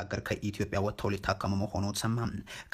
ሀገር ከኢትዮጵያ ወጥተው ሊታከሙ መሆኑ ተሰማ።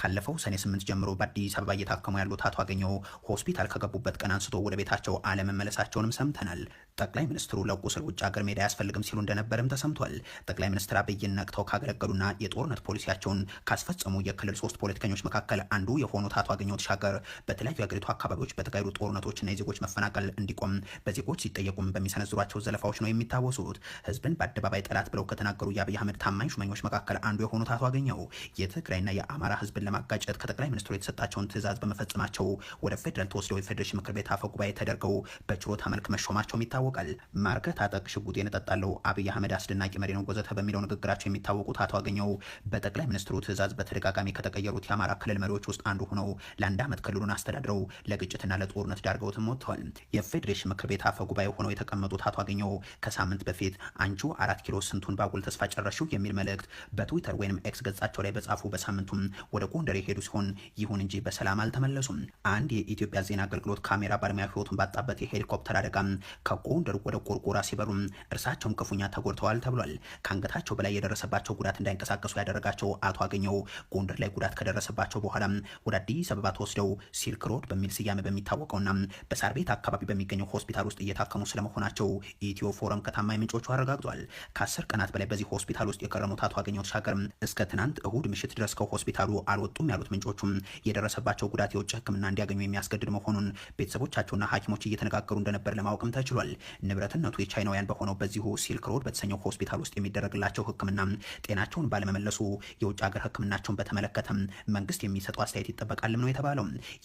ካለፈው ሰኔ ስምንት ጀምሮ በአዲስ አበባ እየታከሙ ያሉት አቶ አገኘው ሆስፒታል ከገቡበት ቀን አንስቶ ወደ ቤታቸው አለመመለሳቸውንም ሰምተናል። ጠቅላይ ሚኒስትሩ ለቁስል ውጭ ሀገር ሜዳ አያስፈልግም ሲሉ እንደነበርም ተሰምቷል። ጠቅላይ ሚኒስትር አብይን ነቅተው ካገለገሉና የጦርነት ፖሊሲያቸውን ካስፈጸሙ የክልል ሶስት ፖለቲከኞች መካከል አንዱ የሆኑት አቶ አገኘሁ ተሻገር በተለያዩ የሀገሪቱ አካባቢዎች በተካሄዱ ጦርነቶችና የዜጎች መፈናቀል እንዲቆም በዜጎች ሲጠየቁም በሚሰነዝሯቸው ዘለፋዎች ነው የሚታወሱት። ህዝብን በአደባባይ ጠላት ብለው ከተናገሩ የአብይ አህመድ ታማኝ ሹመኞች መካከል አንዱ የሆኑት አቶ አገኘሁ የትግራይና የአማራ ህዝብን ለማጋጨት ከጠቅላይ ሚኒስትሩ የተሰጣቸውን ትዕዛዝ በመፈጸማቸው ወደ ፌዴራል ተወስደው የፌዴሬሽን ምክር ቤት አፈ ጉባኤ ተደርገው በችሮታ መልክ መሾማቸው ይታወ ይታወቃል። ማርከ ታጠቅ ሽጉጥ የነጠጣለው አብይ አህመድ አስደናቂ መሪ ነው ጎዘተ በሚለው ንግግራቸው የሚታወቁት አቶ አገኘው በጠቅላይ ሚኒስትሩ ትዕዛዝ በተደጋጋሚ ከተቀየሩት የአማራ ክልል መሪዎች ውስጥ አንዱ ሆነው ለአንድ ዓመት ክልሉን አስተዳድረው ለግጭትና ለጦርነት ዳርገውትም ወጥተዋል። የፌዴሬሽን ምክር ቤት አፈ ጉባኤ ሆነው የተቀመጡት አቶ አገኘው ከሳምንት በፊት አንቺ አራት ኪሎ ስንቱን ባጉል ተስፋ ጨረሽው የሚል መልእክት በትዊተር ወይም ኤክስ ገጻቸው ላይ በጻፉ በሳምንቱም ወደ ጎንደር የሄዱ ሲሆን ይሁን እንጂ በሰላም አልተመለሱም። አንድ የኢትዮጵያ ዜና አገልግሎት ካሜራ ባለሙያ ህይወቱን ባጣበት የሄሊኮፕተር አደጋም ከቆ ጎንደር ወደ ጎርጎራ ሲበሩ እርሳቸውም ክፉኛ ተጎድተዋል ተብሏል። ከአንገታቸው በላይ የደረሰባቸው ጉዳት እንዳይንቀሳቀሱ ያደረጋቸው አቶ አገኘው ጎንደር ላይ ጉዳት ከደረሰባቸው በኋላ ወደ አዲስ አበባ ተወስደው ሲልክ ሮድ በሚል ስያሜ በሚታወቀውና በሳር ቤት አካባቢ በሚገኘው ሆስፒታል ውስጥ እየታከሙ ስለመሆናቸው ኢትዮ ፎረም ከታማኝ ምንጮቹ አረጋግጧል። ከአስር ቀናት በላይ በዚህ ሆስፒታል ውስጥ የከረሙት አቶ አገኘው ተሻገር እስከ ትናንት እሁድ ምሽት ድረስ ከሆስፒታሉ አልወጡም ያሉት ምንጮቹም የደረሰባቸው ጉዳት የውጭ ሕክምና እንዲያገኙ የሚያስገድድ መሆኑን ቤተሰቦቻቸውና ሐኪሞች እየተነጋገሩ እንደነበር ለማወቅም ተችሏል። ንብረትነቱ የቻይናውያን በሆነው በዚሁ ሲልክ ሮድ በተሰኘው ሆስፒታል ውስጥ የሚደረግላቸው ሕክምና ጤናቸውን ባለመመለሱ የውጭ ሀገር ሕክምናቸውን በተመለከተም መንግስት የሚሰጠው አስተያየት ይጠበቃልም ነው የተባለው።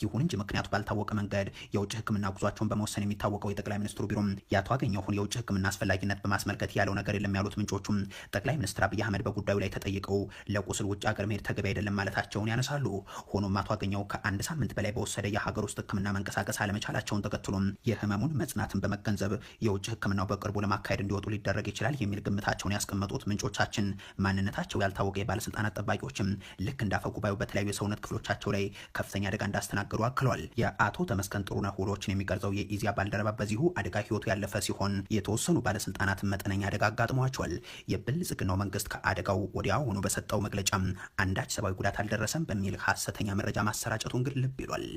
ይሁን እንጂ ምክንያቱ ባልታወቀ መንገድ የውጭ ሕክምና ጉዟቸውን በመወሰን የሚታወቀው የጠቅላይ ሚኒስትሩ ቢሮ የአቶ አገኘሁን የውጭ ሕክምና አስፈላጊነት በማስመልከት ያለው ነገር የለም ያሉት ምንጮቹም ጠቅላይ ሚኒስትር አብይ አህመድ በጉዳዩ ላይ ተጠይቀው ለቁስል ውጭ ሀገር መሄድ ተገቢ አይደለም ማለታቸውን ያነሳሉ። ሆኖም አቶ አገኘሁ ከአንድ ሳምንት በላይ በወሰደ የሀገር ውስጥ ሕክምና መንቀሳቀስ አለመቻላቸውን ተከትሎም የህመሙን መጽናትን በመገንዘብ የውጭ ህክምናው በቅርቡ ለማካሄድ እንዲወጡ ሊደረግ ይችላል የሚል ግምታቸውን ያስቀመጡት ምንጮቻችን ማንነታቸው ያልታወቀ የባለስልጣናት ጠባቂዎችም ልክ እንዳፈ በተለያዩ የሰውነት ክፍሎቻቸው ላይ ከፍተኛ አደጋ እንዳስተናገዱ አክለዋል። የአቶ ተመስገን ጥሩነህ ውሎችን የሚቀርጸው የኢዚያ ባልደረባ በዚሁ አደጋ ህይወቱ ያለፈ ሲሆን የተወሰኑ ባለስልጣናት መጠነኛ አደጋ አጋጥሟቸዋል። የብልጽግናው መንግስት ከአደጋው ሆኖ በሰጠው መግለጫም አንዳች ሰብአዊ ጉዳት አልደረሰም በሚል ሀሰተኛ መረጃ ማሰራጨቱን ግን ልብ ይሏል።